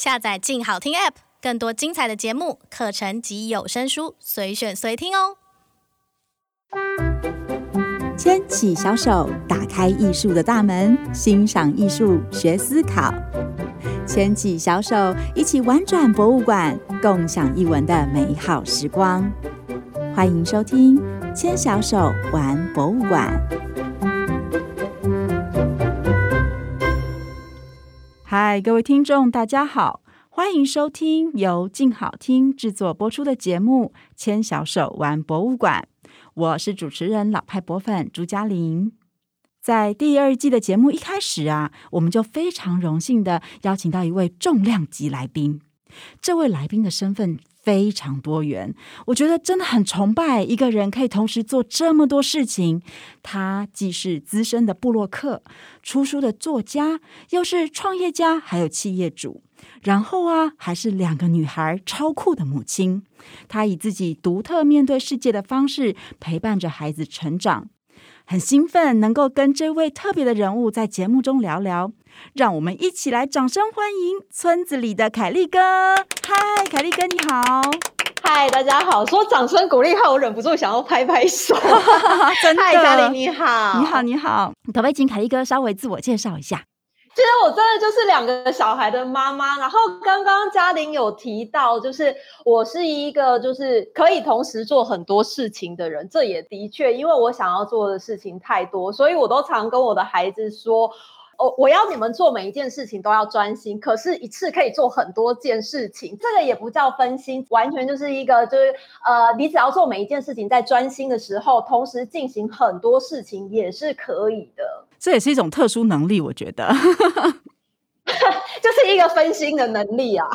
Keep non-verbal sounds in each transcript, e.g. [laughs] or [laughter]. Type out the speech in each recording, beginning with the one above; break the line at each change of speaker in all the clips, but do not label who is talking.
下載“靜好聽 ”App，更多精彩的節目、課程及有聲書，隨選隨聽哦。
牽起小手，打開藝術的大門，欣賞藝術，學思考。牽起小手，一起玩轉博物館，共享藝文的美好時光。歡迎收聽《牽小手玩博物館》。嗨，Hi, 各位聽眾，大家好，歡迎收聽由靜好聽製作播出的節目《牽小手玩博物館》，我是主持人老派博粉朱家琳。在第二季的節目一開始啊，我們就非常榮幸地邀請到一位重量級來賓，這位來賓的身份。非常多元，我覺得真的很崇拜一個人可以同時做這麼多事情。她既是資深的部落客、出書的作家，又是創業家，還有企業主，然後啊，還是兩個女孩超酷的母親。她以自己獨特面對世界的方式陪伴着孩子成長。很興奮能夠跟這位特別的人物在節目中聊聊。讓我們一起來掌聲歡迎村子裡的凱莉哥。嗨，凱莉哥你好！嗨，大家好！說掌聲鼓勵後，我忍不住想要拍拍手。 [laughs] [laughs] 真的。嗨，家琳你好！你好，你好。特別請凱莉哥稍微自我介紹一下。
其實我真的就是兩個小孩的媽媽。然後剛剛家琳有提到，就是我是一個就是可以同時做很多事情的人。這也的確，因為我想要做的事情太多，所以我都常跟我的孩子說。我、哦、我要你們做每一件事情都要專心，可是，一次可以做很多件事情，這個也不叫分心，完全就是一個就是呃，你只要做每一件事情在專心的時候，同時進行很多事情也是可以的。
這也是一種特殊能力，我覺得，
[laughs] [laughs] 就是一個分心的能力啊。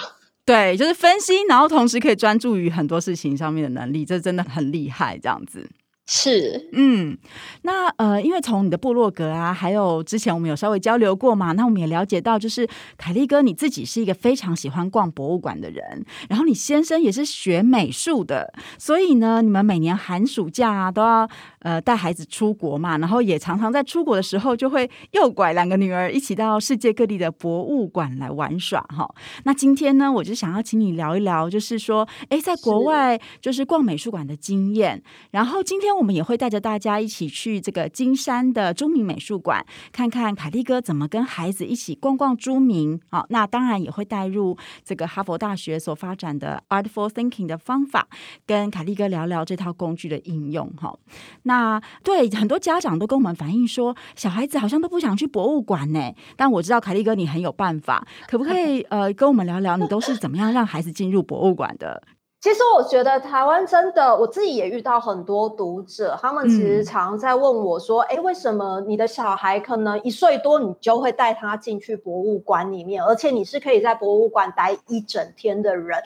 對，就是分心，然後同時可以專注於很多事情上面的能力，這真的很厲害，這樣子。是，嗯，那呃，因為從你的部落格啊，還有之前我們有稍微交流過嘛，那我們也了解到，就是凱莉哥你自己是一個非常喜歡逛博物館的人，然後你先生也是學美術的，所以呢，你們每年寒暑假啊都要呃帶孩子出國嘛，然後也常常在出國的時候就會誘拐兩個女兒一起到世界各地的博物館來玩耍哈、哦。那今天呢，我就想要請你聊一聊，就是說，哎，在國外就是逛美術館的經驗，是然後今天。那我們也會帶着大家一起去這個金山的朱銘美術館，看看凱莉哥怎麼跟孩子一起逛逛朱銘好、哦，那當然也會帶入這個哈佛大學所發展的 Artful Thinking 的方法，跟凱莉哥聊聊這套工具的應用。哈、哦，那對很多家長都跟我們反映說，小孩子好像都不想去博物館呢。但我知道凱莉哥你很有辦法，可不可以呃跟我們聊聊你都是怎麼樣讓孩子進入博物館的？
其實我覺得台灣真的，我自己也遇到很多讀者，他們其實常常在問我說：“嗯、誒，為什麼你的小孩可能一歲多，你就會帶他進去博物館裡面，而且你是可以在博物館待一整天的人？”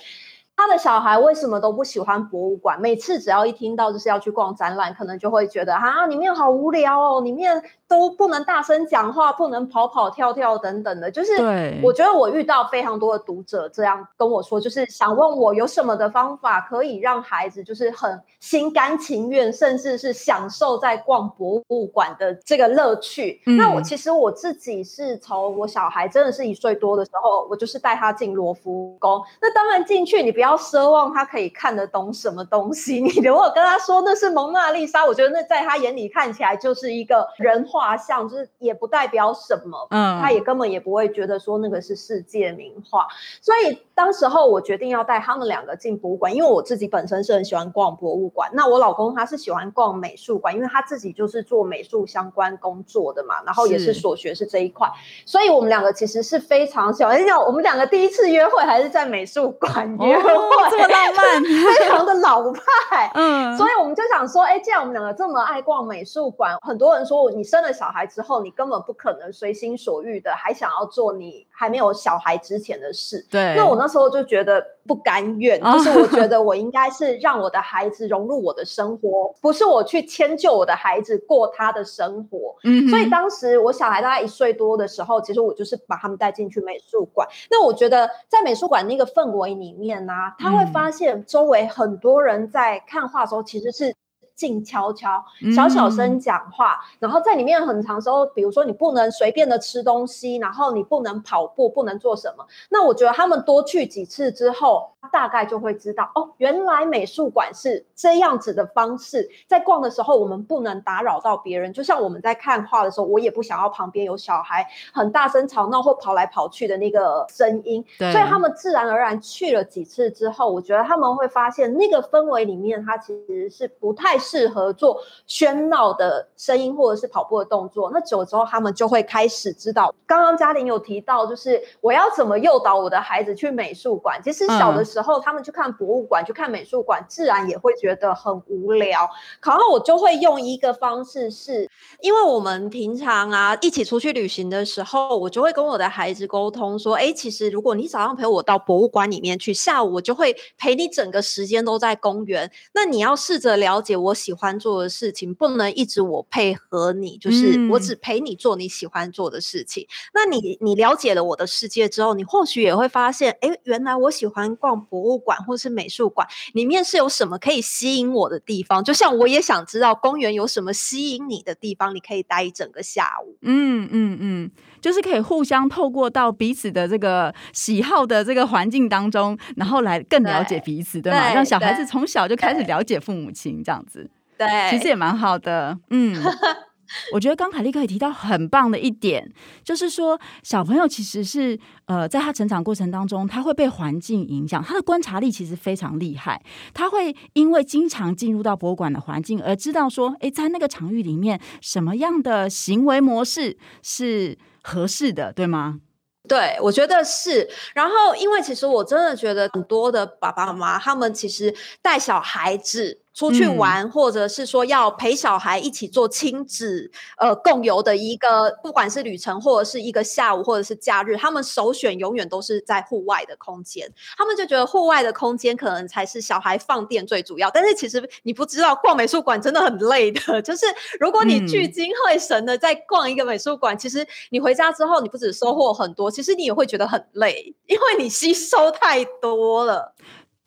他的小孩為什麼都不喜歡博物館？每次只要一聽到就是要去逛展覽，可能就會覺得啊，裡面好無聊哦，裡面都不能大聲講話，不能跑跑跳跳等等的。就是，我覺得我遇到非常多的讀者這樣跟我說，就是想問我有什麼的方法可以讓孩子就是很心甘情願，甚至是享受在逛博物館的這個樂趣。嗯、那我其實我自己是從我小孩真的是一歲多的時候，我就是帶他進羅浮宮。那當然進去，你不要。要奢望他可以看得懂什麼東西，你如果跟他說，那是蒙娜麗莎，我覺得那在他眼裡看起來就是一個人畫像，就是也不代表什麼，嗯，他也根本也不會覺得說那個是世界名畫。所以當時候我決定要帶他們兩個進博物館，因為我自己本身是很喜歡逛博物館。那我老公他是喜歡逛美術館，因為他自己就是做美術相關工作的嘛，然後也是所學是這一塊，是所以我們兩個其實是非常小，而、哎、想，我們兩個第一次約會還是在美術館約會。 [laughs] [laughs] 哦、這麼浪漫， [laughs] 非常的老派。 [laughs] 嗯，所以我們就想說，哎、欸，既然我們兩個這麼愛逛美術館，很多人說你生了小孩之後，你根本不可能隨心所欲的，還想要做你還沒有小孩之前的事。對。那我那時候就覺得不甘願，嗯、就是我覺得我應該是讓我的孩子融入我的生活， [laughs] 不是我去遷就我的孩子過他的生活。嗯，嗯。所以當時我小孩大概一歲多的時候，其實我就是把他們帶進去美術館。那我覺得在美術館那個氛圍裡面呢、啊。他會發現周圍很多人在看畫的時候，其實是。靜悄悄，小小聲講話，嗯、然後在裡面很長時候，比如說你不能隨便的吃東西，然後你不能跑步，不能做什麼。那我覺得他們多去幾次之後，大概就會知道哦，原來美術館是這樣子的方式。在逛的時候，我們不能打擾到別人，就像我們在看畫的時候，我也不想要旁邊有小孩很大聲吵鬧或跑來跑去的那個聲音。對所以他們自然而然去了幾次之後，我覺得他們會發現那個氛圍裡面，他其實是不太。適合做喧鬧的聲音或者是跑步的動作。那久了之後，他們就會開始知道。剛剛家琳有提到，就是我要怎麼誘導我的孩子去美術館。其實小的時候，他們去看博物館、嗯、去看美術館，自然也會覺得很無聊。然後我就會用一個方式是，是因為我們平常啊一起出去旅行的時候，我就會跟我的孩子溝通說：“哎，其實如果你早上陪我到博物館裡面去，下午我就會陪你整個時間都在公園。那你要試着了解我。”喜歡做的事情不能一直我配合你，就是我只陪你做你喜歡做的事情。嗯、那你你了解了我的世界之後，你或許也會發現，哎、欸，原來我喜歡逛博物館或是美術館，裡面是有什麼可以吸引我的地方。就像我也想知道公園有什麼吸引你的地方，你可以待一整個下午。嗯
嗯嗯，就是可以互相透過到彼此的這個喜好的這個環境當中，然後來更了解彼此，對，對嗎？讓小孩子從小就開始了解父母親這樣子。對，其實也蠻好的。嗯， [laughs] 我覺得剛凱莉哥也提到很棒的一點，就是說小朋友其實是呃，在他成長過程當中，他會被環境影響。他的觀察力其實非常厲害，他會因為經常進入到博物館的環境，而知道說，欸，在那個場域裡面，什麼樣的行為模式是合適的，對嗎？對，我覺得是。然後，因
為其實我真的覺得很多的爸爸媽媽，他們其實帶小孩子。出去玩，嗯、或者是說要陪小孩一起做親子呃共遊的一個，不管是旅程或者是一個下午，或者是假日，他們首選永遠都是在戶外的空間。他們就覺得戶外的空間可能才是小孩放電最主要，但是其實你不知道逛美術館真的很累的，就是如果你聚精會神的在逛一個美術館，嗯、其實你回家之後你不只收穫很多，其實你也會覺得很累，因為你吸收太多了。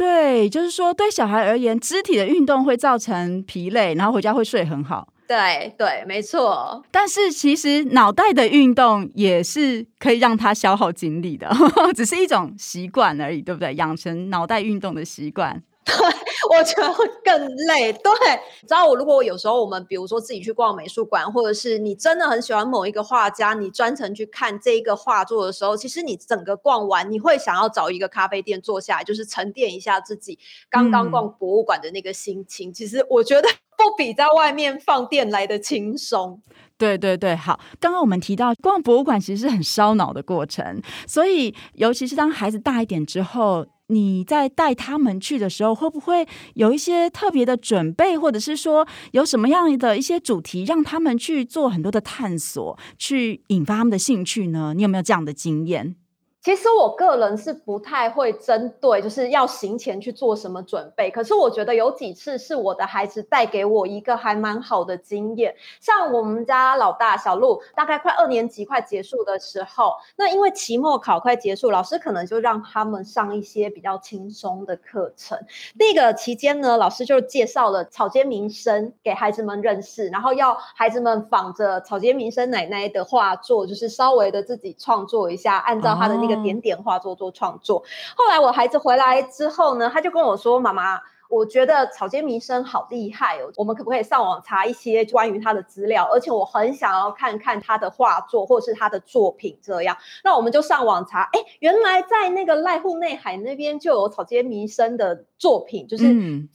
對，就是說，對小孩而言，肢體的運動會造成疲累，然後回家會睡很好。對對，沒錯。但是其實腦袋的運動也是可以讓他消耗精力的呵呵，只是一種習慣而已，對不對？養成腦袋運動的習慣。對， [laughs] 我覺得會更累。
對，你知道我如果我有時候我們比如說自己去逛美術館，或者是你真的很喜歡某一個畫家，你專程去看這一個畫作的時候，其實你整個逛完，你會想要找一個咖啡店坐下來，就是沉澱一下自己剛剛逛博物館的那個心情。嗯、其實我覺得不比在外面放電來的輕鬆。
對對對，好，剛剛我們提到逛博物館其實是很燒腦的過程，所以尤其是當孩子大一點之後。你在帶他們去的時候，會不會有一些特別的準備，或者是說有什麼樣的一些主題，讓他們去做很多的探索，去引發他們的興趣呢？你有沒有這樣的經驗？
其實我個人是不太會針對，就是要行前去做什麼準備。可是我覺得有幾次是我的孩子帶給我一個還蠻好的經驗。像我們家老大小路，大概快二年級快結束的時候，那因為期末考快結束，老師可能就讓他們上一些比較輕鬆的課程。那個期間呢，老師就介紹了草間彌生給孩子們認識，然後要孩子們仿着草間彌生奶奶的畫作，就是稍微的自己創作一下，按照他的那、哦。嗯、一個點點畫作做創作，後來我孩子回來之後呢，他就跟我說：“媽媽，我覺得草間彌生好厲害哦，我們可不可以上網查一些關於他的資料？而且我很想要看看他的畫作或是他的作品這樣。”那我們就上網查，哎、欸，原來在那個瀨戶內海那邊就有草間彌生的。作品就是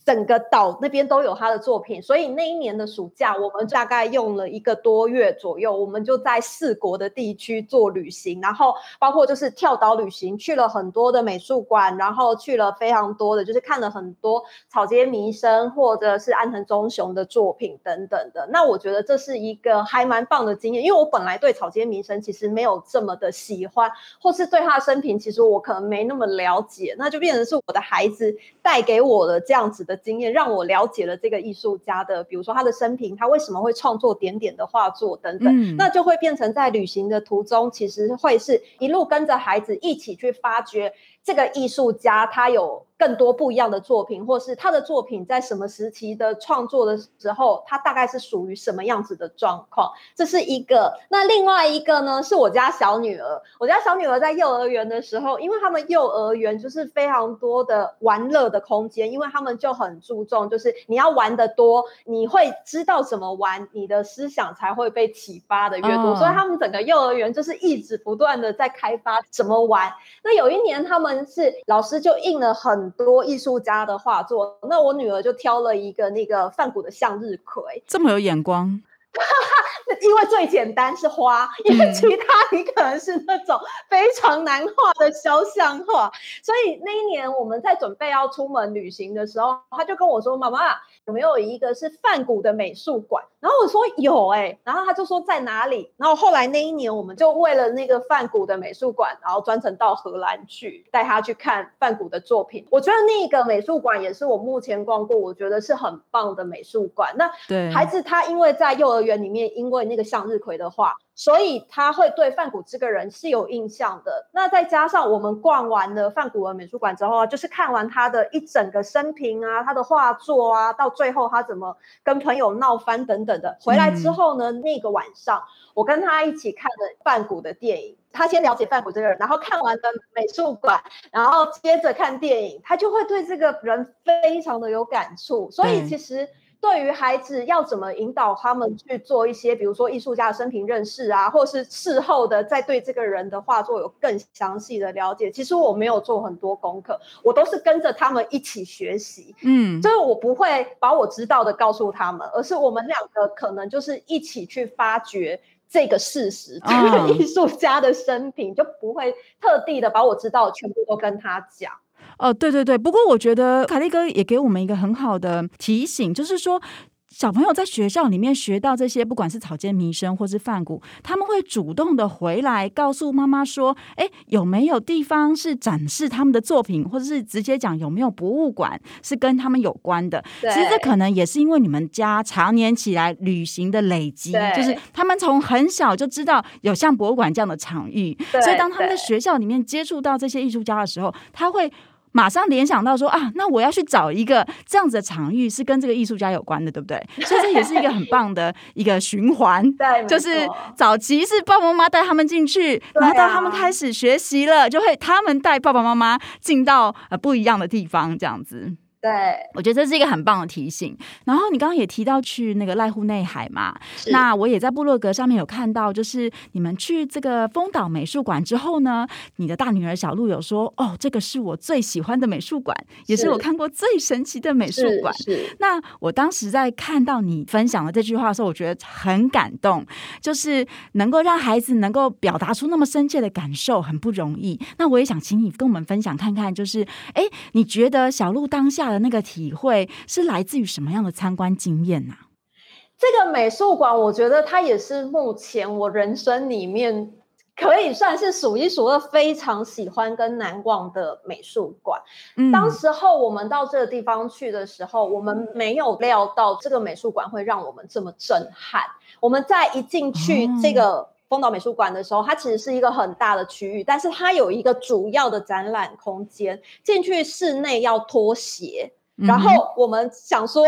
整個島那邊都有他的作品，嗯，所以那一年的暑假，我們大概用了一個多月左右，我們就在四國的地區做旅行，然後包括就是跳島旅行，去了很多的美術館，然後去了非常多的，就是看了很多草間彌生或者是安藤忠雄的作品等等的。那我覺得這是一個還蠻棒的經驗，因為我本來對草間彌生其實沒有這麼的喜歡，或是對他的生平其實我可能沒那麼了解，那就變成是我的孩子帶。帶給我的這樣子的經驗，讓我了解了這個藝術家的，比如說他的生平，他為什麼會創作點點的畫作等等，嗯、那就會變成在旅行的途中，其實會是一路跟着孩子一起去發掘。這個藝術家他有更多不一樣的作品，或是他的作品在什麼時期的創作的時候，他大概是屬於什麼樣子的狀況？這是一個。那另外一個呢？是我家小女兒，我家小女兒在幼兒園的時候，因為他們幼兒園就是非常多的玩樂的空間，因為他們就很注重，就是你要玩的多，你會知道怎麼玩，你的思想才會被啟發的越多。Oh. 所以他們整個幼兒園就是一直不斷的在開發怎麼玩。那有一年他們。是老師就印了很多藝術家的畫作，那我女兒就挑了一個那個梵谷的向日葵，
這麼有眼光，
[laughs] 因為最簡單是花，因為其他你可能是那種非常難畫的肖像畫，所以那一年我們在準備要出門旅行的時候，他就跟我說，媽媽。媽媽有沒有一個是梵谷的美術館？然後我說有哎、欸，然後他就說在哪裡？然後後來那一年，我們就為了那個梵谷的美術館，然後專程到荷蘭去帶他去看梵谷的作品。我覺得那個美術館也是我目前逛過我覺得是很棒的美術館。那對孩子，他因為在幼兒園裡面，因為那個向日葵的畫。所以他會對梵谷這個人是有印象的。那再加上我們逛完了梵谷的美術館之後啊，就是看完他的一整個生平啊、他的畫作啊，到最後他怎麼跟朋友鬧翻等等的，回來之後呢，那個晚上我跟他一起看了梵谷的電影。他先了解梵谷這個人，然後看完了美術館，然後接着看電影，他就會對這個人非常的有感觸。所以其實。對於孩子要怎麼引導他們去做一些，比如說藝術家的生平認識啊，或是事後的再對這個人的畫作有更詳細的了解。其實我沒有做很多功課，我都是跟着他們一起學習。
嗯，
就是我不會把我知道的告訴他們，而是我們兩個可能就是一起去發掘這個事
實，嗯、這個藝
術家的生平就不會特地的把我知道的全部都跟他講。
哦、呃，對對對，不過我覺得凱莉哥也給我們一個很好的提醒，就是說小朋友在學校裡面學到這些，不管是草間彌生或是梵谷，他們會主動的回來告訴媽媽說：“哎，有沒有地方是展示他們的作品，或者是，是直接講有沒有博物館是跟他們有關的？”對其實這可能也是因為你們家常年起來旅行的累積，對就是他們從很小就知道有像博物館這樣的場域，對所以當他們在學校裡面接觸到這些藝術家的時候，他會。馬上聯想到說啊，那我要去找一個這樣子的場域是跟這個藝術家有關的，對不對？ [laughs] 所以這也是一個很棒的一個循環， [laughs] 就是早期是爸爸媽媽帶他們進去，然後到他們開始學習了，啊、就會他們帶爸爸媽媽進到呃不一樣的地方，這樣子。對，我覺得這是一個很棒的提醒。然後你剛剛也提到去那個瀨戶內海嘛，是那我也在部落格上面有看到，就是你們去這個豐島美術館之後呢，你的大女兒小路有說：“哦，這個是我最喜歡的美術館，也是我看過最神奇的美術館。是”是是那我當時在看到你分享的這句話的時候，我覺得很感動，就是能夠讓孩子能夠表達出那麼深切的感受，很不容易。那我也想請你跟我們分享看看，就是哎，你覺得小路當下，那個體會是來自於什麼樣的參觀經驗呢、啊？
這個美術館，我覺得它也是目前我人生裡面可以算是數一數二非常喜歡跟難忘的美術館。嗯、當時候我們到這個地方去的時候，我們沒有料到這個美術館會讓我們這麼震撼。我們在一進去這個、嗯。豐島美術館的時候，它其實是一個很大的區域，但是它有一個主要的展覽空間，進去室內要脫鞋，然後我們想說。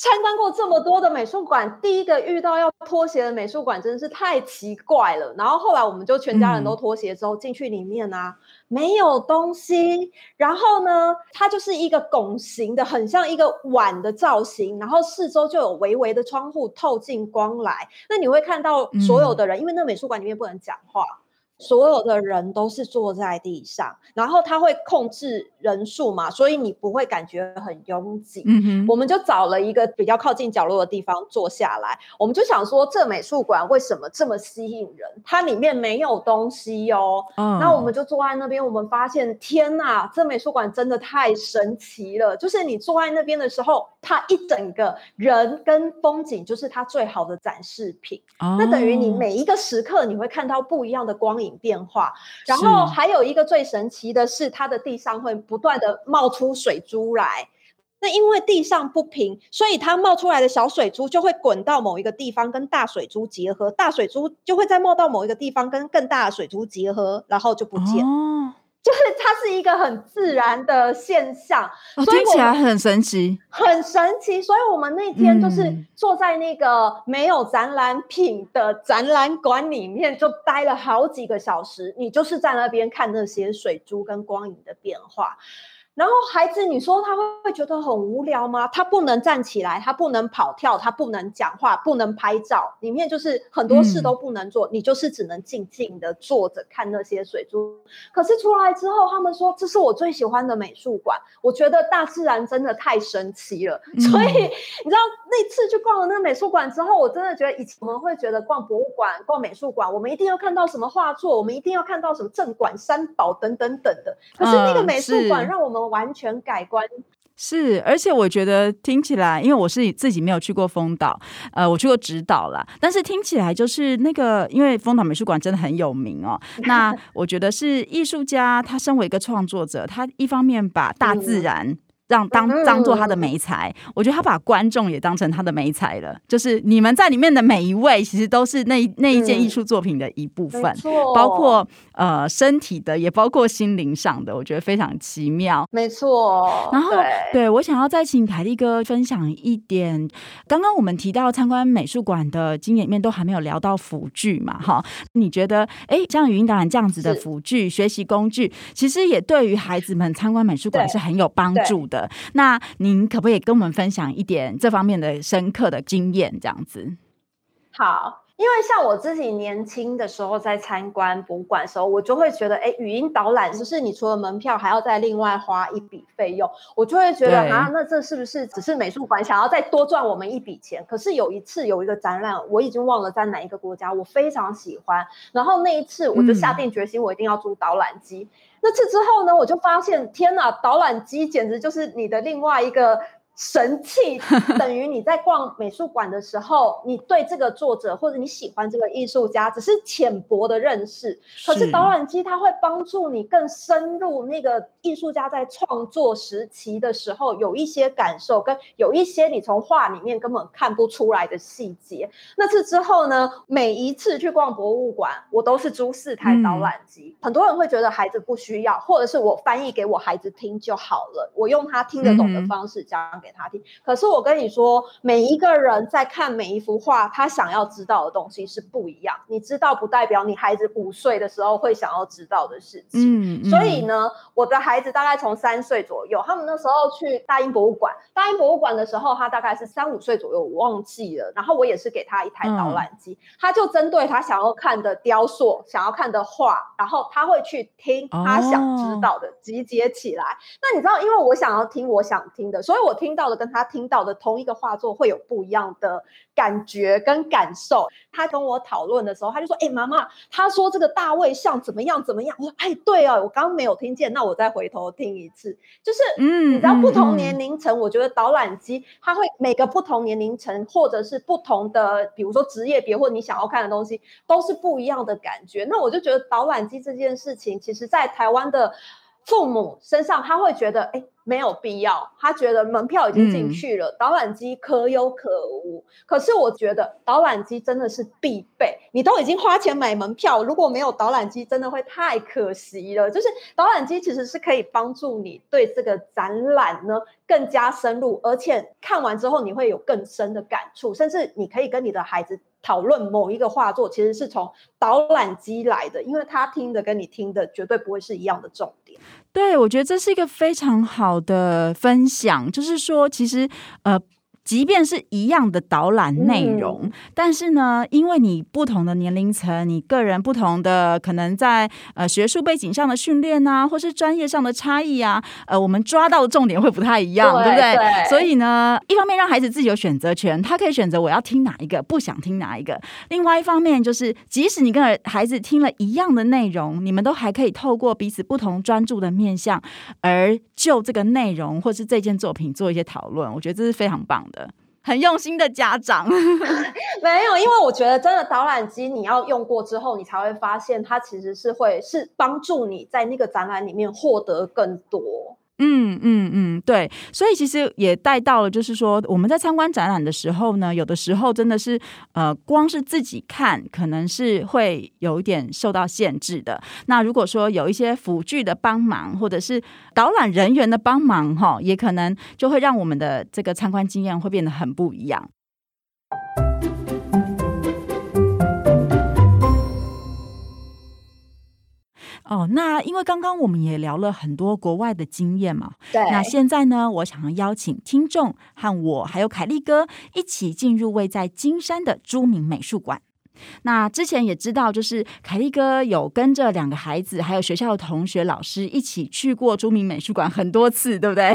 參觀過這麼多的美術館，第一個遇到要脫鞋的美術館，真的是太奇怪了。然後後來我們就全家人都脫鞋之後進、嗯、去裡面啊，沒有東西。然後呢，它就是一個拱形的，很像一個碗的造型，然後四周就有微微的窗戶透進光來。那你會看到所有的人，嗯、因為那美術館裡面不能講話。所有的人都是坐在地上，然後他會控制人數嘛，所以你不會感覺很擁擠。嗯、mm-hmm. 我們就找了一個比較靠近角落的地方坐下來，我們就想說，這美術館為什麼這麼吸引人？它裡面沒有東西哦。Oh. 那我們就坐在那邊，我們發現，天哪，這美術館真的太神奇了！就是你坐在那邊的時候，它一整個人跟風景就是它最好的展示品。哦，oh. 那等於你每一個時刻，你會看到不一樣的光影。變化，然後還有一個最神奇的是，它的地上會不斷的冒出水珠來。那因為地上不平，所以它冒出來的小水珠就會滾到某一個地方，跟大水珠結合。大水珠就會再冒到某一個地方，跟更大的水珠結合，然後就不見。哦就是它是一個很自然的現象，哦，所以聽起來很神奇，很神奇。所以我們那天就是坐在那個沒有展覽品的展覽館裡面，就待了好幾個小時，你就是在那邊看那些水珠跟光影的變化。然後孩子，你說他會會覺得很無聊嗎？他不能站起來，他不能跑跳，他不能講話，不能拍照，裡面就是很多事都不能做，嗯、你就是只能靜靜的坐着看那些水珠。可是出來之後，他們說這是我最喜歡的美術館。我覺得大自然真的太神奇了。嗯、所以你知道那次去逛了那個美術館之後，我真的覺得以前我們會覺得逛博物館、逛美術館，我們一定要看到什麼畫作，我們一定要看到什麼鎮館三寶等等等的。可是那個美術館讓我們、嗯。完
全改觀是，而且我覺得聽起來，因為我是自己沒有去過豐島，呃，我去過直島了，但是聽起來就是那個，因為豐島美術館真的很有名哦、喔。 [laughs] 那我覺得是藝術家，他身為一個創作者，他一方面把大自然讓、嗯、當當做他的媒材，嗯、我覺得他把觀眾也當成他的媒材了，就是你們在裡面的每一位，其實都是那那一件藝術作品的一部分，嗯、包括。呃，身體的也包括心靈上的，我覺得非常奇妙。沒錯。然後，對，對我想要再請凱莉哥分享一點，剛剛我們提到參觀美術館的經驗裡面都還沒有聊到輔具嘛。哈，你覺得，哎，像語音導覽這樣子的輔具是學習工具，其實也對於孩子們參觀美術館是很有幫助的。那您可不可以跟我們分享一點這方面的深刻的經驗？這樣子。
好。因為像我自己年輕的時候在參觀博物館的時候，我就會覺得，誒，語音導覽就是你除了門票還要再另外花一筆費用，我就會覺得對啊，那這是不是只是美術館想要再多賺我們一筆錢？可是有一次有一個展覽，我已經忘了在哪一個國家，我非常喜歡，然後那一次我就下定決心，我一定要租導覽機。嗯，那次之後呢，我就發現，天哪，導覽機簡直就是你的另外一個。神器，等於你在逛美術館的時候， [laughs] 你對這個作者或者你喜歡這個藝術家只是淺薄的認識。可是導覽機它會幫助你更深入那個藝術家在創作時期的時候有一些感受，跟有一些你從畫裡面根本看不出來的細節。那次之後呢，每一次去逛博物館，我都是租四台導覽機。嗯、很多人會覺得孩子不需要，或者是我翻譯給我孩子聽就好了，我用他聽得懂的方式講給、嗯嗯。他聽，可是我跟你說，每一個人在看每一幅畫，他想要知道的東西是不一樣。你知道不代表你孩子五歲的時候會想要知道的事情。嗯嗯。嗯所以呢，我的孩子大概從三歲左右，他們那時候去大英博物館，大英博物館的時候，他大概是三五歲左右，我忘記了。然後我也是給他一台導覽機，嗯、他就針對他想要看的雕塑、想要看的畫，然後他會去聽他想知道的，集結起來。哦、那你知道，因為我想要聽我想聽的，所以我聽。聽到的跟他聽到的同一個畫作會有不一樣的感覺跟感受。他跟我討論的時候，他就說：“哎、欸，媽媽，他說這個大衛像怎麼樣怎麼樣？”我說：“哎、欸，對哦，我剛剛沒有聽見，那我再回頭聽一次。”就是，嗯，你知道、嗯、不同年齡層，我覺得導覽機它會每個不同年齡層，或者是不同的，比如說職業別或你想要看的東西，都是不一樣的感覺。那我就覺得導覽機這件事情，其實在台灣的父母身上，他會覺得，哎、欸。沒有必要，他覺得門票已經進去了，嗯、導覽機可有可無。可是我覺得導覽機真的是必備。你都已經花錢買門票，如果沒有導覽機，真的會太可惜了。就是導覽機其實是可以幫助你對這個展覽呢更加深入，而且看完之後你會有更深的感觸，甚至你可以跟你的孩子討論某一個畫作，其實是從導覽機來的，因為他聽的跟你聽的絕對不會是一樣的重點。
對，我覺得這是一個非常好的分享，就是說，其實，呃。即便是一樣的導覽內容，嗯。但是呢，因為你不同的年齡層，你個人不同的可能在呃學術背景上的訓練啊，或是專業上的差異啊，呃，我們抓到的重點會不太一樣，對，對不對？對。所以呢，一方面讓孩子自己有選擇權，他可以選擇我要聽哪一個，不想聽哪一個。另外一方面就是，即使你跟孩子聽了一樣的內容，你們都還可以透過彼此不同專注的面向，而就這個內容或是這件作品做一些討論。我覺得這是非常棒的。很
用心的家長， [laughs] 沒有，因為我覺得真的導覽機，你要用過之後，你才會發現它其實是會是幫助你在那個展覽裡面獲得更多。
嗯嗯嗯，對，所以其實也帶到了，就是說我們在參觀展覽的時候呢，有的時候真的是呃，光是自己看可能是會有一點受到限制的。那如果說有一些輔具的幫忙，或者是導覽人員的幫忙，哈，也可能就會讓我們的這個參觀經驗會變得很不一樣。哦，那因為剛剛我們也聊了很多國外的經驗嘛，對。那現在呢，我想要邀請聽眾和我還有凱莉哥一起進入位在金山的朱銘美術館。那之前也知道，就是凱莉哥有跟着兩個孩子還有學校的同學老師一起去過朱銘美術館很多次，對不對？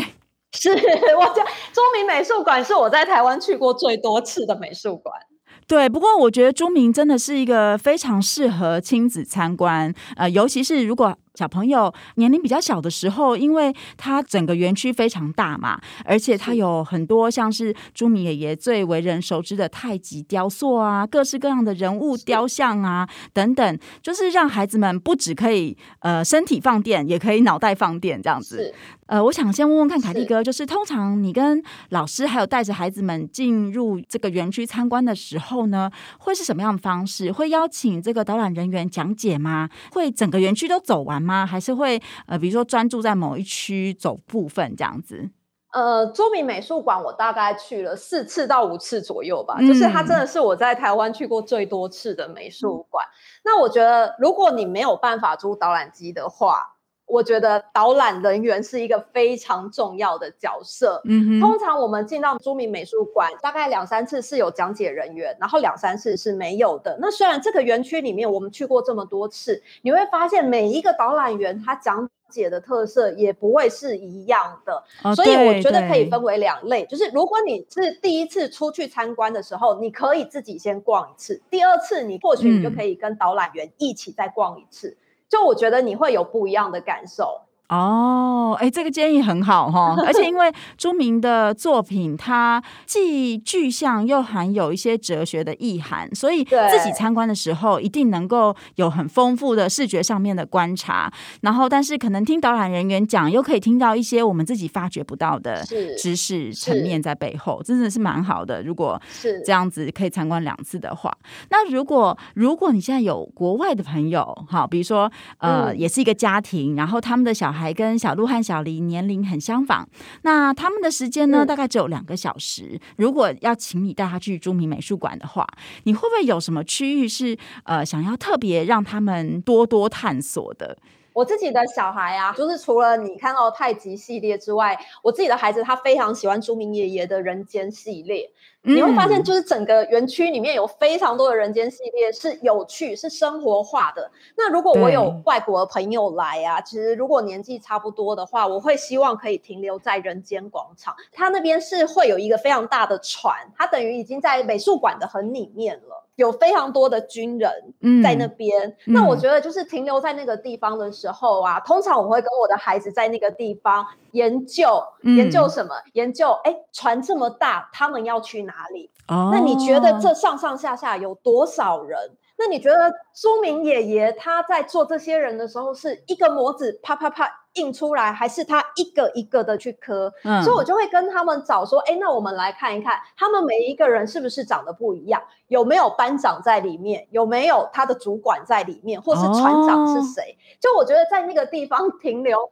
是，我覺得朱銘美術館是我在台灣去
過最多次的美術館。
對，不過我覺得朱銘真的是一個非常適合親子參觀，呃，尤其是如果，小朋友年齡比較小的時候，因為他整個園區非常大嘛，而且他有很多像是朱銘爺爺最為人熟知的太極雕塑啊，各式各樣的人物雕像啊是等等，就是讓孩子們不只可以呃身體放電，也可以腦袋放電這樣子。是呃，我想先問問看凱莉哥，是就是通常你跟老師還有帶着孩子們進入這個園區參觀的時候呢，會是什麼樣的方式？會邀請這個導覽人員講解嗎？會整個園區都走完嗎嗎？還是會呃，比如說專注在某一區走部分這樣子。
呃，朱銘美術館我大概去了四次到五次左右吧，嗯、就是它真的是我在台灣去過最多次的美術館。嗯、那我覺得如果你沒有辦法租導覽機的話，我覺得導覽人員是一個非常重要的角色。嗯、哼通常我們進到朱銘美術館，大概兩三次是有講解人員，然後兩三次是沒有的。那雖然這個園區裡面我們去過這麼多次，你會發現每一個導覽員他講解的特色也不會是一樣的。哦、所以我覺得可以分為兩類，對就是如果你是第一次出去參觀的時候，你可以自己先逛一次；第二次你或許你就可以跟導覽員一起再逛一次。嗯就我覺得你會有不一樣的感受。
哦，哎、欸，這個建議很好哈，而且因為朱銘的作品， [laughs] 它既具象又含有一些哲學的意涵，所以自己參觀的時候一定能夠有很豐富的視覺上面的觀察，然後但是可能聽導覽人員講，又可以聽到一些我們自己發覺不到的知識層面在背後，真的是蠻好的。如果是這樣子可以參觀兩次的話，那如果如果你現在有國外的朋友，哈，比如說呃，也是一個家庭，然後他們的小。還跟小鹿和小狸年齡很相仿，那他們的時間呢，嗯、大概只有兩個小時。如果要請你帶他去朱銘美術館的話，你會不會有什麼區域是呃想要特別讓他們多多探索的？
我自己的小孩啊，就是除了你看到的太極系列之外，我自己的孩子他非常喜歡朱銘爺爺的人間系列。嗯、你會發現，就是整個園區裡面有非常多的人間系列，是有趣、是生活化的。那如果我有外國的朋友來啊，對其實如果年紀差不多的話，我會希望可以停留在人間廣場。他那邊是會有一個非常大的船，它等於已經在美術館的很裡面了。有非常多的軍人在那邊，嗯、那我覺得就是停留在那個地方的時候啊，嗯、通常我會跟我的孩子在那個地方研究、嗯、研究什麼，研究哎，船這麼大，他們要去哪裡？哦、那你覺得這上上下下有多少人？那你覺得朱銘爺爺他在做這些人的時候是一個模子，啪啪啪。印出來還是他一個一個的去刻，嗯、所以，我就會跟他們找說，哎、欸，那我們來看一看，他們每一個人是不是長得不一樣？有沒有班長在裡面？有沒有他的主管在裡面？或是船長是誰？哦、就我覺得，在那個地方停留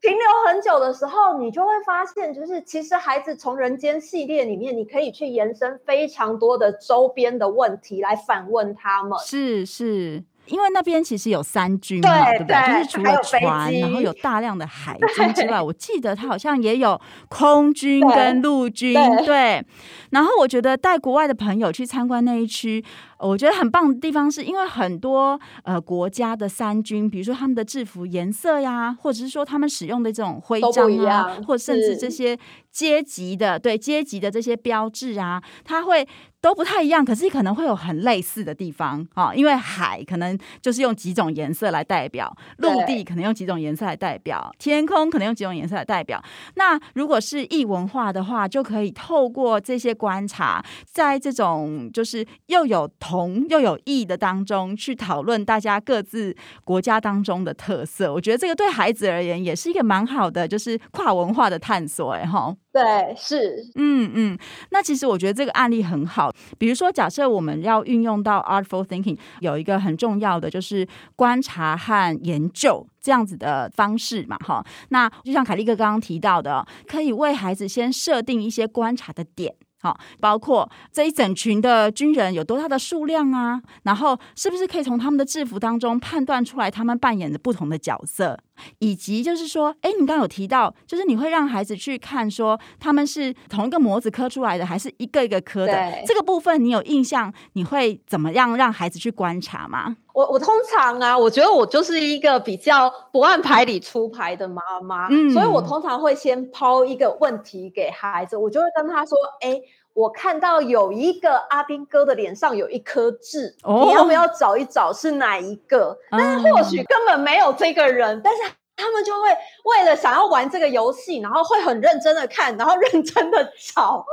停留很久的時候，你就會發現，就是其實孩子從《人間》系列裡面，你可以去延伸非常多的周邊的問題來反問他們，是
是。是因為那邊其實有三軍嘛，對，對不對？對就是除了船，然後有大量的海軍之外，對我記得它好像也有空軍跟陸軍，對。對對，然後我覺得帶國外的朋友去參觀那一區。我覺得很棒的地方是因為很多呃國家的三軍，比如說他們的制服顏色呀，或者是說他們使用的這種徽章呀、啊，或者甚至這些階級的是對階級的這些標誌啊，它會都不太一樣，可是可能會有很類似的地方啊、哦。因為海可能就是用幾種顏色來代表，陸地可能用幾種顏色來代表，對天空可能用幾種顏色來代表。那如果是異文化的話，就可以透過這些觀察，在這種就是又有。同又有意義的當中去討論大家各自國家當中的特色，我覺得這個對孩子而言也是一個蠻好的，就是跨文化的探索，哎吼對，是，嗯嗯。那其實我覺得這個案例很好，比如說，假設我們要運用到 artful thinking，有一個很重要的就是觀察和研究這樣子的方式嘛，哈。那就像凱莉哥剛剛提到的，可以為孩子先設定一些觀察的點。好，包括這一整群的軍人有多大的數量啊？然後是不是可以從他們的制服當中判斷出來他們扮演着不同的角色？以及就是說，哎、欸，你剛剛有提到，就是你會讓孩子去看，說他們是同一個模子刻出來的，還是一個一個刻的？對這個部分你有印象？你會怎麼樣讓孩子去觀察嗎？
我我通常啊，我覺得我就是一個比較不按牌理出牌的媽媽，嗯、所以我通常會先拋一個問題給孩子，我就會跟他說，哎、欸。我看到有一個阿兵哥的臉上有一顆痣，哦，你要不要找一找是哪一個？嗯，但是或許根本沒有這個人，嗯，但是他們就會為了想要玩這個遊戲，然後會很認真的看，然後認真的找，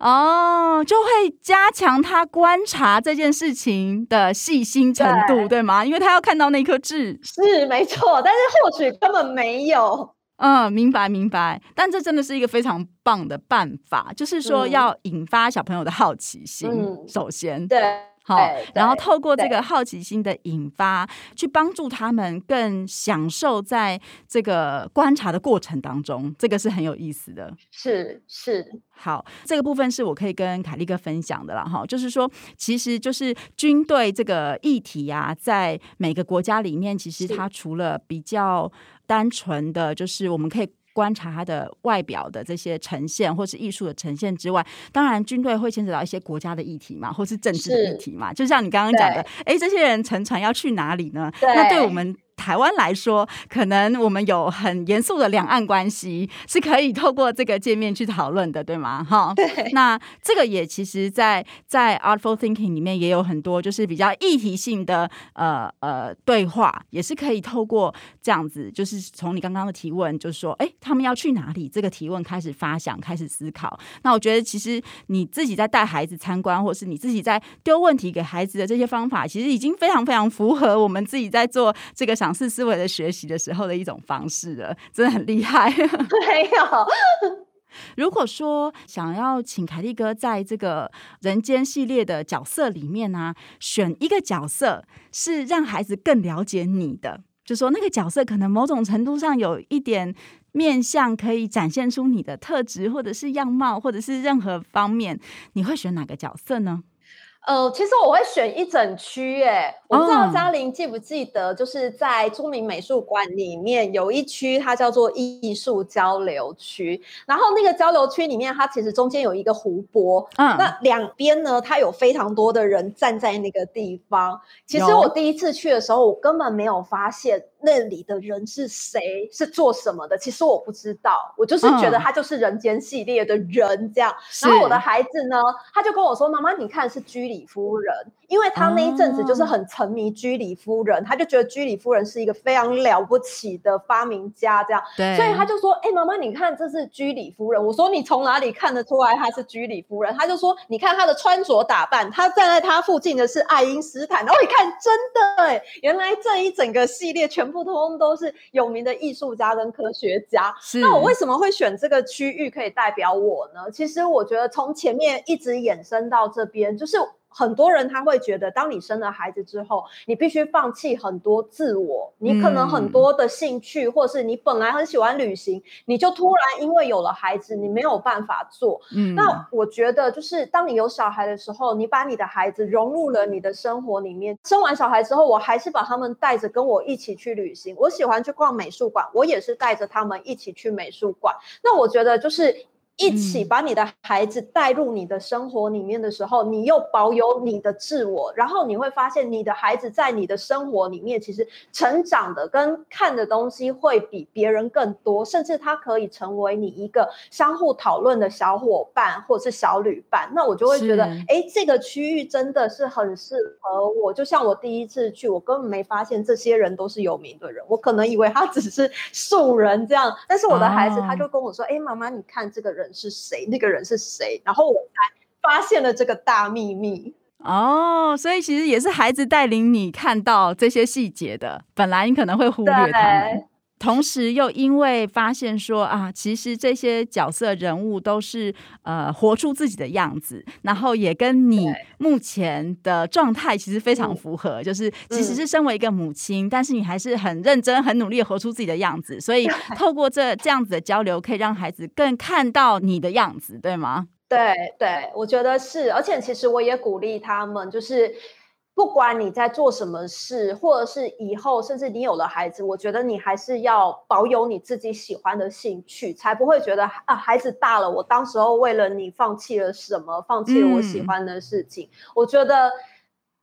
哦，就會加強他觀察這件事情的細心程度，對，對嗎？因為他要看到那顆痣，是沒錯，但是或許根本沒有。嗯，明白明白，但這真的是一個非常棒的辦法，嗯、就是說要引發小朋友的好奇心。嗯、首先，對，好，對然後透過這個好奇心的引發，對去幫助他們更享受在這個觀察的過程當中，這個是很有意思的。是是，是好，這個部分是我可以跟凱莉哥分享的了哈，就是說，其實就是軍隊這個議題啊，在每個國家裡面，其實它除了比較。單純的就是我們可以觀察它的外表的這些呈現，或是藝術的呈現之外，當然軍隊會牽扯到一些國家的議題嘛，或是政治的議題嘛。是就像你剛剛講的，哎對，這些人乘船要去哪裡呢？對，那對我們。台灣來說，可能我們有很嚴肅的兩岸關係，是可以透過這個界面去討論的，對嗎？哈，對，對。那這個也其實在，在在 Artful Thinking 裡面也有很多，就是比較議題性的呃呃對話，也是可以透過這樣子，就是從你剛剛的提問，就是說，哎、欸，他們要去哪裡？這個提問開始發想，開始思考。那我覺得，其實你自己在帶孩子參觀，或是你自己在丟問題給孩子的這些方法，其實已經非常非常符合我們自己在做這個想。嘗試思維的學習的時候的一種方式了，真的很厲害。 [laughs] 沒有。如果說想要請凱莉哥在這個人間系列的角色裡面呢，啊，選一個角色是讓孩子更了解你的，就說那個角色可能某種程度上有一點面向可以展現出你的特質，或者是樣貌，或者是任何方面，你會選哪個角色呢？
呃，其實我會選一整區誒、欸。我不知道家琳記不記得，嗯、就是在朱銘美術館裡面有一區，它叫做藝術交流區。然後那個交流區裡面，它其實中間有一個湖泊。嗯，那兩邊呢，它有非常多的人站在那個地方。其實我第一次去的時候，我根本沒有發現。那裡的人是誰？是做什麼的？其實我不知道，我就是覺得他就是《人間系列》的人這樣。然後、嗯、我的孩子呢，他就跟我說：“媽媽是，媽媽你看是居里夫人，因為他那一陣子就是很沉迷居里夫人，嗯、他就覺得居里夫人是一個非常了不起的發明家這樣。對所以他就說：‘哎，媽媽，你看這是居里夫人。’我說：‘你從哪裡看得出來她是居里夫人？’他就說：‘你看她的穿着打扮，她站在她附近的是愛因斯坦。’然後你看，真的、欸，哎，原來這一整個系列全部。通通都是有名的藝術家跟科學家，是那我為什麼會選這個區域可以代表我呢？其實我覺得從前面一直延伸到這邊，就是。很多人他會覺得，當你生了孩子之後，你必須放棄很多自我，你可能很多的興趣，嗯，或是你本來很喜歡旅行，你就突然因為有了孩子，你沒有辦法做。嗯，那我覺得就是，當你有小孩的時候，你把你的孩子融入了你的生活裡面。生完小孩之後，我還是把他們帶着跟我一起去旅行。我喜歡去逛美術館，我也是帶着他們一起去美術館。那我覺得就是。一起把你的孩子帶入你的生活裡面的時候，嗯、你又保有你的自我，然後你會發現你的孩子在你的生活裡面，其實成長的跟看的東西會比別人更多，甚至他可以成為你一個相互討論的小夥伴或者是小旅伴。那我就會覺得，哎、是、欸，這個區域真的是很適合我。就像我第一次去，我根本沒發現這些人都是有名的人，我可能以為他只是素人這樣。但是我的孩子他就跟我說，哎、哦，媽媽、欸，媽媽你看這個人。是誰？那個人是誰？然後我才發現了這個大秘密
哦。所以其實也是孩子帶領你看到這些細節的，本來你可能會忽略他們。同時，又因為發現說啊，其實這些角色人物都是呃活出自己的樣子，然後也跟你目前的狀態其實非常符合，對就是即使是身為一個母親，嗯、但是你還是很認真、很努力的活出自己的樣子，所以透過這對這樣子的交流，可以讓孩子更看到你的樣子，對嗎？
對對，我覺得是，而且其實我也鼓勵他們，就是。不管你在做什麼事，或者是以後，甚至你有了孩子，我覺得你還是要保有你自己喜歡的興趣，才不會覺得啊，孩子大了，我當時候為了你放棄了什麼，放棄了我喜歡的事情。嗯、我覺得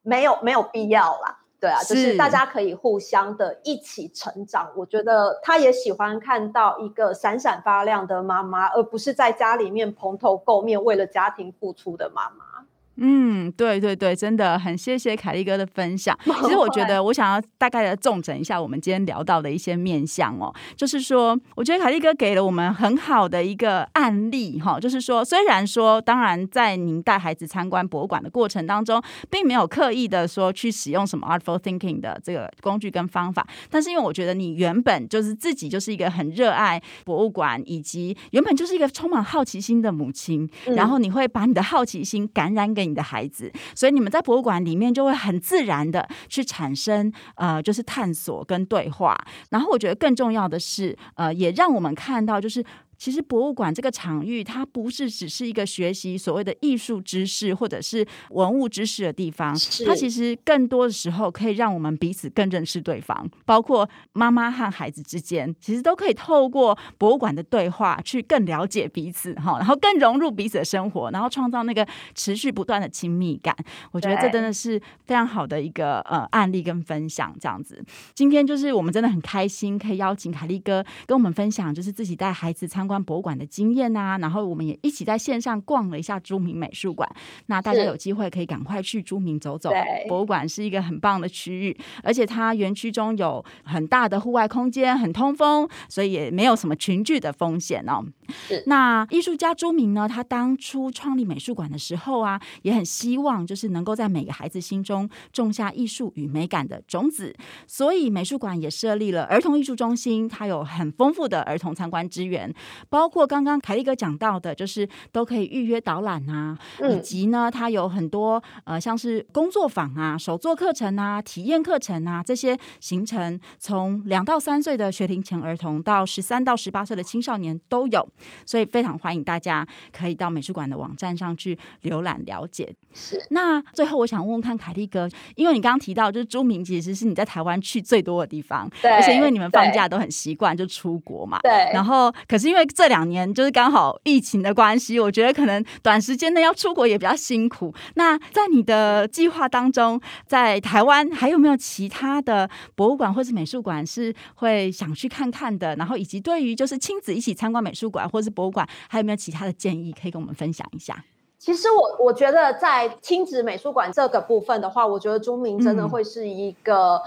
沒有沒有必要啦，對啊，是就是大家可以互相的一起成長。我覺得他也喜歡看到一個閃閃發亮的媽媽，而不是在家裡面蓬頭垢面為了家庭付出的媽媽。
嗯，對對對，真的很謝謝凱莉哥的分享。其實我覺得，我想要大概的重整一下我們今天聊到的一些面向哦，就是說，我覺得凱莉哥給了我們很好的一個案例哈、哦，就是說，雖然說，當然在您帶孩子參觀博物館的過程當中，並沒有刻意的說去使用什麼 artful thinking 的這個工具跟方法，但是因為我覺得你原本就是自己就是一個很熱愛博物館，以及原本就是一個充滿好奇心的母親，然後你會把你的好奇心感染給你的孩子，所以你們在博物館裡面就會很自然的去產生呃，就是探索跟對話。然後我覺得更重要的是，呃，也讓我們看到就是。其實博物館這個場域，它不是只是一個學習所謂的藝術知識或者是文物知識的地方，是它其實更多的時候可以讓我們彼此更認識對方，包括媽媽和孩子之間，其實都可以透過博物館的對話去更了解彼此哈，然後更融入彼此的生活，然後創造那個持續不斷的親密感。我覺得這真的是非常好的一個呃案例跟分享這樣子。今天就是我們真的很開心可以邀請凱莉哥跟我們分享，就是自己帶孩子參。參觀博物館的經驗啊，然後我們也一起在線上逛了一下朱銘美術館。那大家有機會可以趕快去朱銘走走，對博物館是一個很棒的區域，而且它園區中有很大的戶外空間，很通風，所以也沒有什麼群聚的風險哦。是那藝術家朱銘呢，他當初創立美術館的時候啊，也很希望就是能夠在每個孩子心中種下藝術與美感的種子，所以美術館也設立了兒童藝術中心，它有很豐富的兒童參觀資源。包括剛剛凱莉哥講到的，就是都可以預約導覽啊，嗯、以及呢，它有很多呃，像是工作坊啊、手作課程啊、體驗課程啊這些行程，從兩到三歲的學齡前兒童到十三到十八歲的青少年都有，所以非常歡迎大家可以到美術館的網站上去瀏覽了解。是。那最後我想問問看凱莉哥，因為你剛剛提到的就是朱銘其實是你在台灣去最多的地方，對。而且因為你們放假都很習慣就出國嘛，對。然後可是因為這兩年就是剛好疫情的關係，我覺得可能短時間內要出國也比較辛苦。那在你的計劃當中，在台灣還有沒有其他的博物館或者是美術館是會想去看看的？然後以及對於就是親子一起參觀美術館或者是博物館，還有沒有其他的建議可以跟我們分享一下？
其實我我覺得在親子美術館這個部分的話，我覺得朱銘真的會是一個，嗯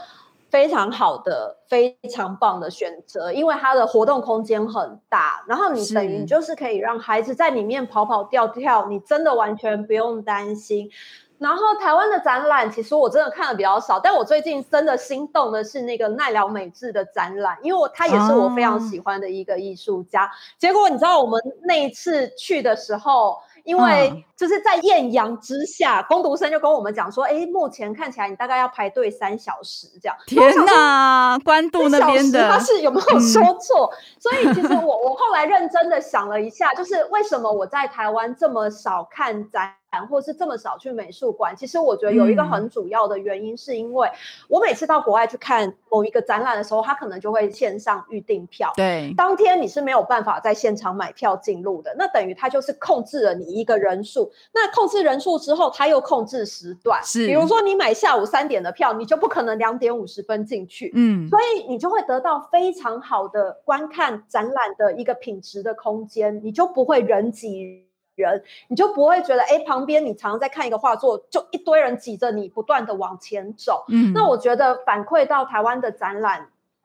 非常好的，非常棒的選擇，因為它的活動空間很大，然後你等於就是可以讓孩子在裡面跑跑跳跳，是你真的完全不用擔心。然後台灣的展覽其實我真的看的比較少，但我最近真的心動的是那個奈良美智的展覽，因為我他也是我非常喜歡的一個藝術家。Oh. 結果你知道我們那一次去的時候。因為就是在豔陽之下，嗯、工讀生就跟我們講說，哎，目前看起來你大概要排隊三小時這樣。天哪，
關渡那邊的，他是有沒有說
錯？嗯、所以其實我我後來認真的想了一下， [laughs] 就是為什麼我在台灣這麼少看展？或者是這麼少去美術館，其實我覺得有一個很主要的原因，是因為我每次到國外去看某一個展覽的時候，他可能就會線上預訂票，對，當天你是沒有辦法在現場買票進入的，那等於他就是控制了你一個人數。那控制人數之後，他又控制時段，是，比如說你買下午三點的票，你就不可能兩點五十分進去，嗯，所以你就會得到非常好的觀看展覽的一個品質的空間，你就不會人擠人，人，你就不會覺得哎，旁邊你常常在看一個畫作，就一堆人擠着你，不斷的往前走。嗯，那我覺得反饋到台灣的展覽，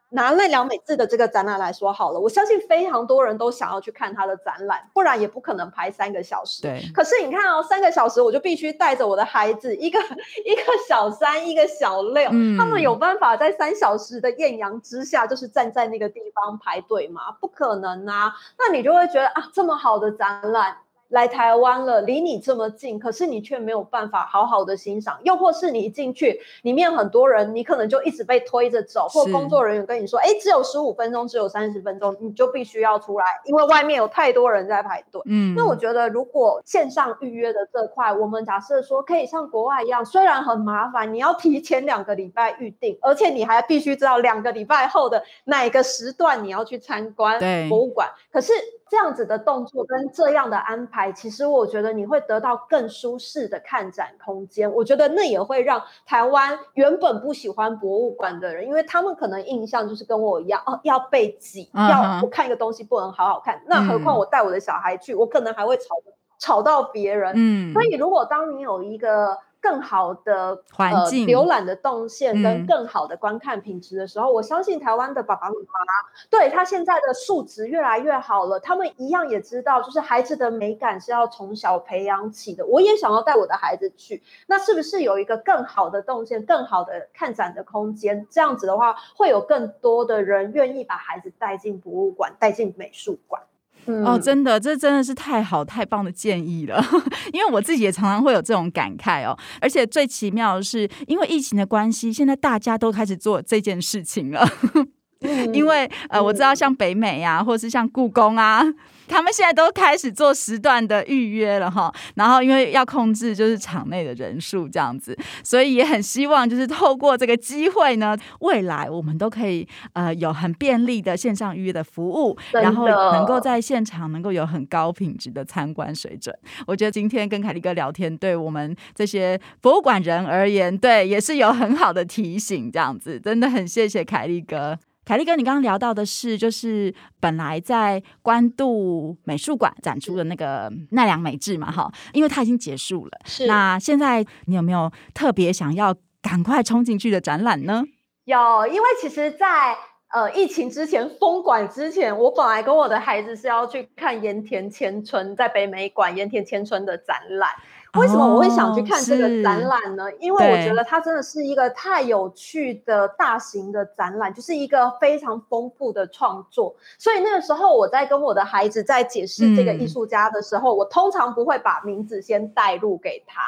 拿奈良美智的這個展覽來說好了，我相信非常多人都想要去看他的展覽，不然也不可能排三個小時。對。可是你看哦，三個小時我就必須帶着我的孩子，一個一個小三，一個小六，嗯，他們有辦法在三小時的豔陽之下，就是站在那個地方排隊嗎？不可能啊！那你就會覺得啊，這麼好的展覽。來台灣了，離你這麼近，可是你卻沒有辦法好好的欣賞。又或是你一進去，裡面很多人，你可能就一直被推着走，是或工作人員跟你說：“誒，只有十五分鐘，只有三十分鐘，你就必須要出來，因為外面有太多人在排隊。”嗯，那我覺得，如果線上預約的這塊，我們假設說可以像國外一樣，雖然很麻煩，你要提前兩個禮拜預定，而且你還必須知道兩個禮拜後的哪個時段你要去參觀博物館。對可是。這樣子的動作跟這樣的安排，其實我覺得你會得到更舒適的看展空間。我覺得那也會讓台灣原本不喜歡博物館的人，因為他們可能印象就是跟我一樣，哦，要被擠，uh huh. 要不看一個東西不能好好看。那何況我帶我的小孩去，嗯、我可能還會吵吵到別人。嗯、所以如果當你有一個。更好的、呃、環境、瀏覽的動線跟更好的觀看品質的時候，嗯、我相信台灣的爸爸媽媽，對，他現在的素質越來越好了，他們一樣也知道，就是孩子的美感是要從小培養起的。我也想要帶我的孩子去，那是不是有一個更好的動線、更好的看展的空間？這樣子的話，會有更多的人願意把孩子帶進博物館、帶進美術館。
哦，真的，這真的是太好、太棒的建議了。 [laughs] 因為我自己也常常會有這種感慨哦，而且最奇妙的是，因為疫情的關係，現在大家都開始做這件事情了。 [laughs] [noise] 因為呃，我知道像北美呀、啊，或者是像故宮啊，他們現在都開始做時段的預約了哈。然後因為要控制就是場內的人數這樣子，所以也很希望就是透過這個機會呢，未來我們都可以呃有很便利的線上預約的服務，的然後能夠在現場能夠有很高品質的參觀水準。我覺得今天跟凱莉哥聊天，對我們這些博物館人而言，對，也是有很好的提醒這樣子，真的很謝謝凱莉哥。凱莉哥，你剛剛聊到的是，就是本來在關渡美術館展出的那個奈良美智嘛，哈，因為它已經結束了。是，那現在你有沒有特別想要趕快衝進去的展覽呢？有，
因為其實在，在呃疫情之前，封館之前，我本來跟我的孩子是要去看鹽田千春，在北美館鹽田千春的展覽。為什麼我會想去看這個展覽呢？Oh, 是因為我覺得它真的是一個太有趣的大型的展覽，對就是一個非常豐富的創作。所以那個時候我在跟我的孩子在解釋這個藝術家的時候，嗯、我通常不會把名字先帶入給他，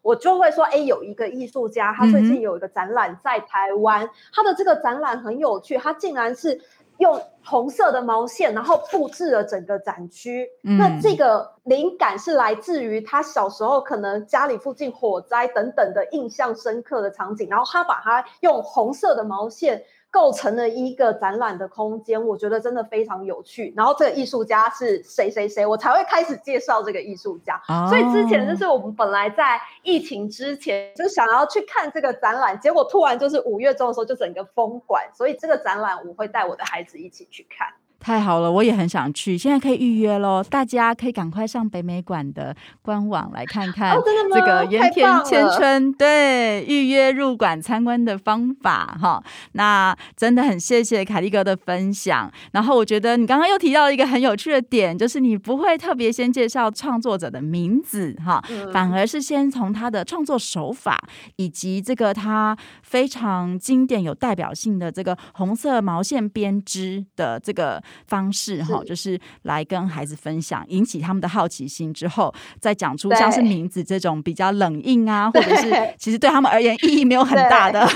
我就會說：誒，有一個藝術家，他最近有一個展覽在台灣，嗯嗯他的這個展覽很有趣，他竟然是。用紅色的毛線，然後佈置了整個展區。嗯。那這個靈感是來自於他小時候可能家裡附近火災等等的印象深刻的場景，然後他把它用紅色的毛線。構成了一個展覽的空間，我覺得真的非常有趣。然後這個藝術家是誰誰誰，我才會開始介紹這個藝術家。Oh. 所以之前就是我們本來在疫情之前就想要去看這個展覽，結果突然就是五月中的時候就整個封館，所以這個展覽我會帶我的孩子一起去看。
太好了，我也很想去，現在可以預約嘍。大家可以趕快上北美館的官網來看看，哦、這個鹽田千春對預約入館參觀的方法哈。那真的很謝謝凱莉哥的分享。然後我覺得你剛剛又提到一個很有趣的點，就是你不會特別先介紹創作者的名字哈，嗯、反而是先從他的創作手法以及這個他非常經典有代表性的這個紅色毛線編織的這個。方式哈是，就是來跟孩子分享，引起他們的好奇心之後，再講出像是名字這種比較冷硬啊，對或者是其實對他們而言意義沒有很大的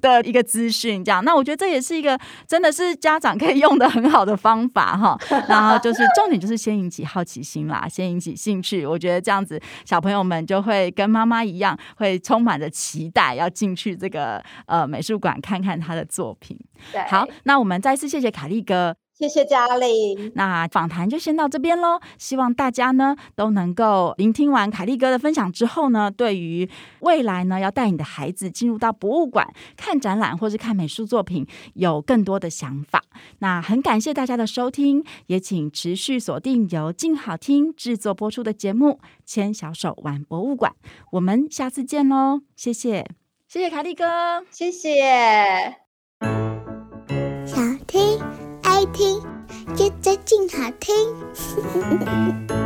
對 [laughs] 的一個資訊，這樣。那我覺得這也是一個真的是家長可以用的很好的方法哈。然後就是重點就是先引起好奇心啦， [laughs] 先引起興趣。我覺得這樣子小朋友們就會跟媽媽一樣，會充滿着期待要進去這個呃美術館看看他的作品。對好，那我們再次謝謝凱莉哥。謝謝家琳。那訪談就先到這邊嘍。希望大家呢都能夠聆聽完凱莉哥的分享之後呢，對於未來呢，要帶你的孩子進入到博物館看展覽或是看美術作品有更多的想法。那很感謝大家的收聽，也請持續鎖定由靜好聽製作播出的節目《牽小手玩博物館》，我們下次見嘍！謝謝，謝謝凱莉哥，謝謝。想聽。愛聽，聽着真好聽。 [laughs]